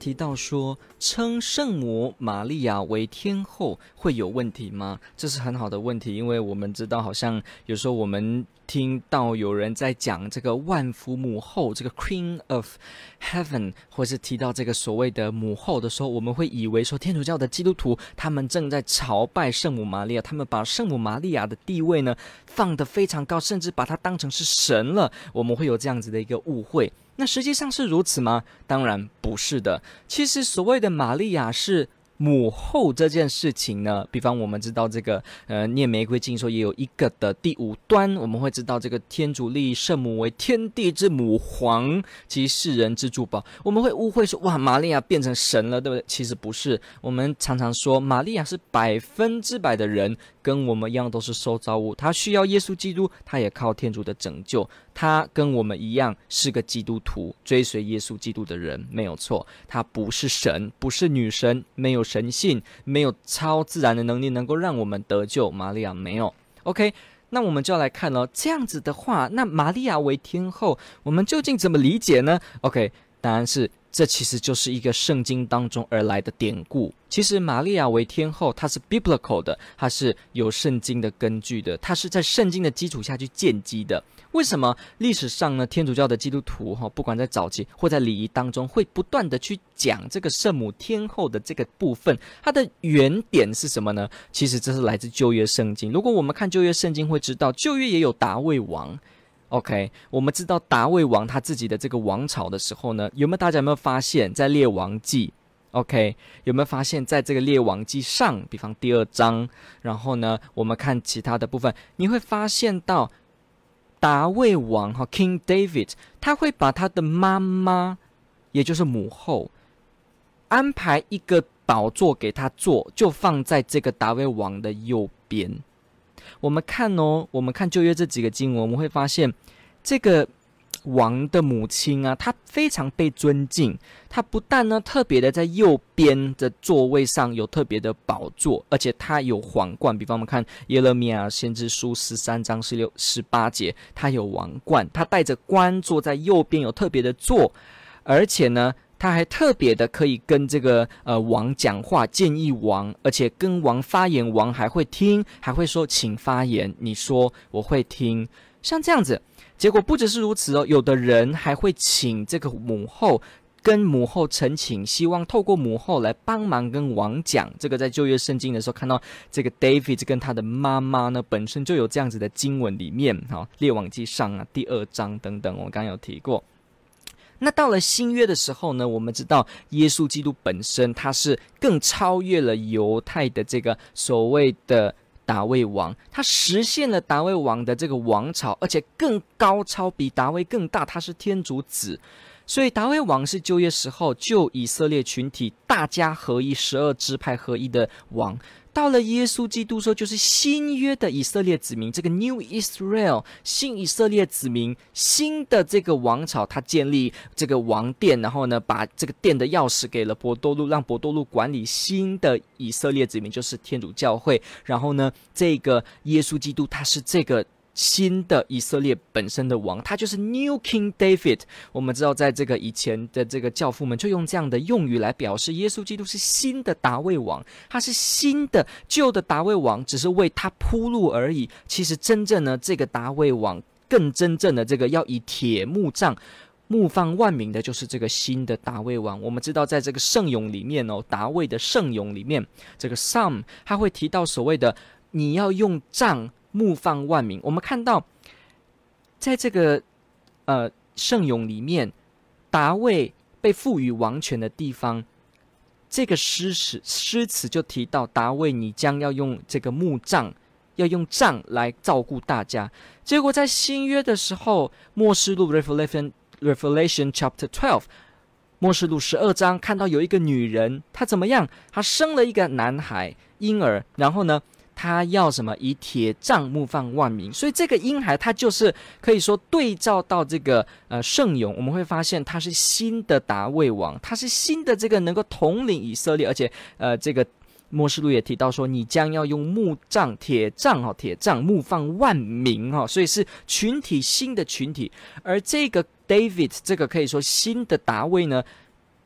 提到說稱聖母瑪利亞為天後，會有問題嗎？這是很好的問題，因為我們知道，好像有時候我們聽到有人在講這個萬福母後，這個 Queen of Heaven，或是提到這個所謂的母後的時候，我們會以為說天主教的基督徒他們正在朝拜聖母瑪利亞，他們把聖母瑪利亞的地位呢放得非常高，甚至把她當成是神了，我們會有這樣子的一個誤會。那實際上是如此嗎？當然不是的。其實所謂的瑪利亞是母後這件事情呢，比方我們知道這個，呃，念玫瑰經說也有一個的第五端，我們會知道這個天主立聖母為天地之母皇及世人之主保，我們會誤會說，哇，瑪利亞變成神了，對不對？其實不是，我們常常說瑪利亞是百分之百的人，跟我們一樣都是受造物，她需要耶穌基督，她也靠天主的拯救，她跟我們一樣是個基督徒，追隨耶穌基督的人沒有錯，她不是神，不是女神，沒有。神性沒有超自然的能力能夠讓我們得救，瑪利亞沒有。OK，那我們就要來看了。這樣子的話，那瑪利亞為天後，我們究竟怎麼理解呢？OK，答案是。這其實就是一個聖經當中而來的典故。其實瑪利亞為天後，它是 biblical 的，它是有聖經的根據的，它是在聖經的基礎下去建基的。為什麼歷史上呢？天主教的基督徒哈，不管在早期或在禮儀當中，會不斷的去講這個聖母天後的這個部分，它的原點是什麼呢？其實這是來自舊約聖經。如果我們看舊約聖經，會知道舊約也有達味王。OK，我們知道大衛王他自己的這個王朝的時候呢，有沒有大家有沒有發現在列，在列王紀，OK，有沒有發現，在這個列王紀上，比方第二章，然後呢，我們看其他的部分，你會發現到大衛王哈 King David，他會把他的媽媽，也就是母後，安排一個寶座給他坐，就放在這個大衛王的右邊。我們看哦，我們看舊約這幾個經文，我們會發現，這個王的母親啊，她非常被尊敬。她不但呢特別的在右邊的座位上有特別的寶座，而且她有皇冠。比方我們看耶勒米亞先知書十三章十六十八節，她有王冠，她戴著冠坐在右邊，有特別的座，而且呢，他還特別的可以跟這個呃王講話，建議王，而且跟王發言，王還會聽，還會說請發言，你說我會聽，像這樣子。結果不只是如此哦，有的人還會請這個母後跟母後陳情，希望透過母後來幫忙跟王講。這個在舊約聖經的時候看到這個 David 跟他的媽媽呢，本身就有這樣子的經文裡面，好、哦、列王紀上啊第二章等等，我剛剛有提過。那到了新約的時候呢，我們知道耶穌基督本身，他是更超越了猶太的這個所謂的大衛王，他實現了大衛王的這個王朝，而且更高超，比大衛更大，他是天主子。所以大衛王是舊約時候就以色列群體大家合一、十二支派合一的王。到了耶穌基督說，就是新約的以色列子民，這個 New Israel 新以色列子民，新的這個王朝，他建立這個王殿，然後呢，把這個殿的鑰匙給了伯多祿，讓伯多祿管理新的以色列子民，就是天主教會。然後呢，這個耶穌基督他是這個。新的以色列本身的王，他就是 New King David。我們知道，在這個以前的這個教父們，就用這樣的用語來表示耶穌基督是新的達味王，他是新的，舊的達味王只是為他鋪路而已。其實，真正呢，這個達味王更真正的這個要以鐵木杖牧放萬民的，就是這個新的達味王。我們知道，在這個聖詠裡面哦，達味的聖詠裡面，這個 Psalm 他會提到所謂的你要用杖，牧放萬民。我們看到，在這個呃聖詠裡面，達味被賦予王權的地方，這個詩詞詩詞就提到達味，你將要用這個木杖，要用杖來照顧大家。結果在新約的時候，《默示錄》Revelation Revelation Chapter Twelve，《默示錄》十二章看到有一個女人，她怎麼樣？她生了一個男孩嬰兒，然後呢？他要什麼？以鐵杖牧放萬民。所以這個嬰孩，他就是可以說對照到這個呃聖詠，我們會發現他是新的達味王，他是新的這個能夠統領以色列，而且呃這個默示錄也提到說，你將要用木杖、鐵杖，哈，鐵杖牧放萬民，哈、哦，所以是群體新的群體。而這個 David，這個可以說新的達味呢，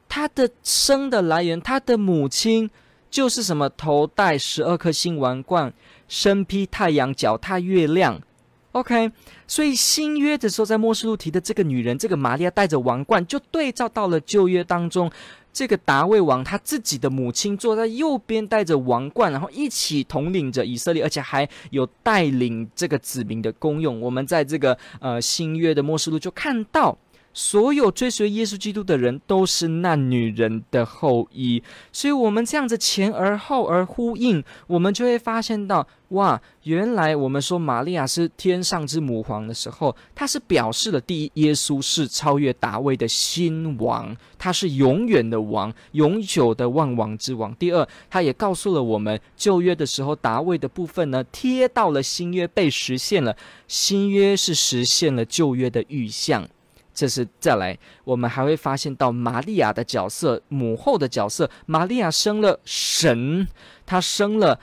他的生的來源，他的母親。就是什麼頭戴十二顆星王冠，身披太陽，腳踏月亮，OK。所以新約的時候，在默示錄提的這個女人，這個瑪利亞帶着王冠，就對照到了舊約當中，這個達味王他自己的母親坐在右邊，戴着王冠，然後一起統領着以色列，而且還有帶領這個子民的功用。我們在這個呃新約的默示錄就看到。所有追隨耶穌基督的人都是那女人的後裔，所以，我們這樣子前而後而呼應，我們就會發現到，哇，原來我們說瑪利亞是天上之母皇的時候，它是表示了第一，耶穌是超越大衛的新王，他是永遠的王，永久的萬王之王。第二，他也告訴了我們舊約的時候，大衛的部分呢，貼到了新約被實現了，新約是實現了舊約的預像。這是再來，我們還會發現到瑪利亞的角色，母後的角色。瑪利亞生了神，她生了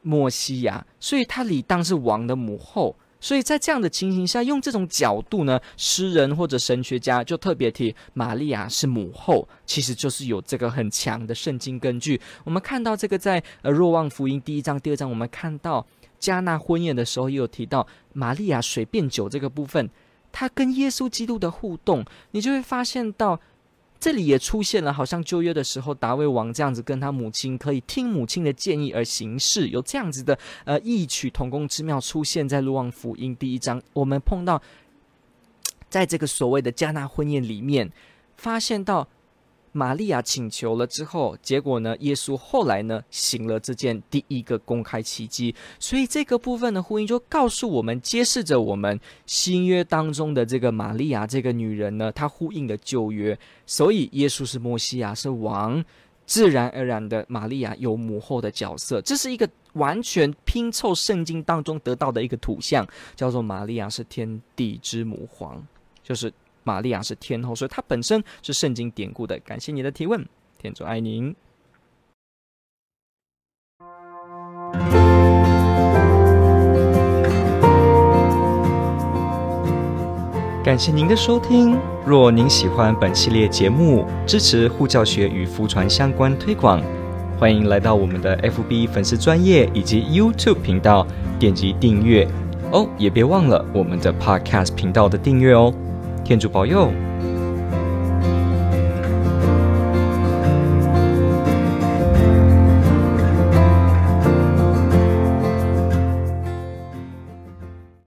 默西亞，所以她理當是王的母後。所以在這樣的情形下，用這種角度呢，詩人或者神學家就特別提瑪利亞是母後，其實就是有這個很強的聖經根據。我們看到這個在呃若望福音第一章、第二章，我們看到加納婚宴的時候，也有提到瑪利亞水變酒這個部分。他跟耶穌基督的互動，你就會發現到，這裡也出現了，好像舊約的時候，大衛王這樣子跟他母親可以聽母親的建議而行事，有這樣子的呃異曲同工之妙出現在若望福音第一章，我們碰到，在這個所謂的加納婚宴裡面，發現到。瑪利亞請求了之後，結果呢？耶穌後來呢？行了這件第一個公開奇蹟，所以這個部分的呼應就告訴我們，揭示着我們新約當中的這個瑪利亞這個女人呢，她呼應的舊約，所以耶穌是默西亞，是王，自然而然的瑪利亞有母後的角色，這是一個完全拼湊聖經當中得到的一個圖像，叫做瑪利亞是天地之母皇，就是。瑪利亞是天後，所以她本身是聖經典故的。感謝你的提問，天主愛您。感謝您的收聽。若您喜歡本系列節目，支持護教學與福傳相關推廣，歡迎來到我們的 FB 粉絲專頁以及 YouTube 頻道，點擊訂閱哦，也別忘了我們的 Podcast 頻道的訂閱哦。天主保佑。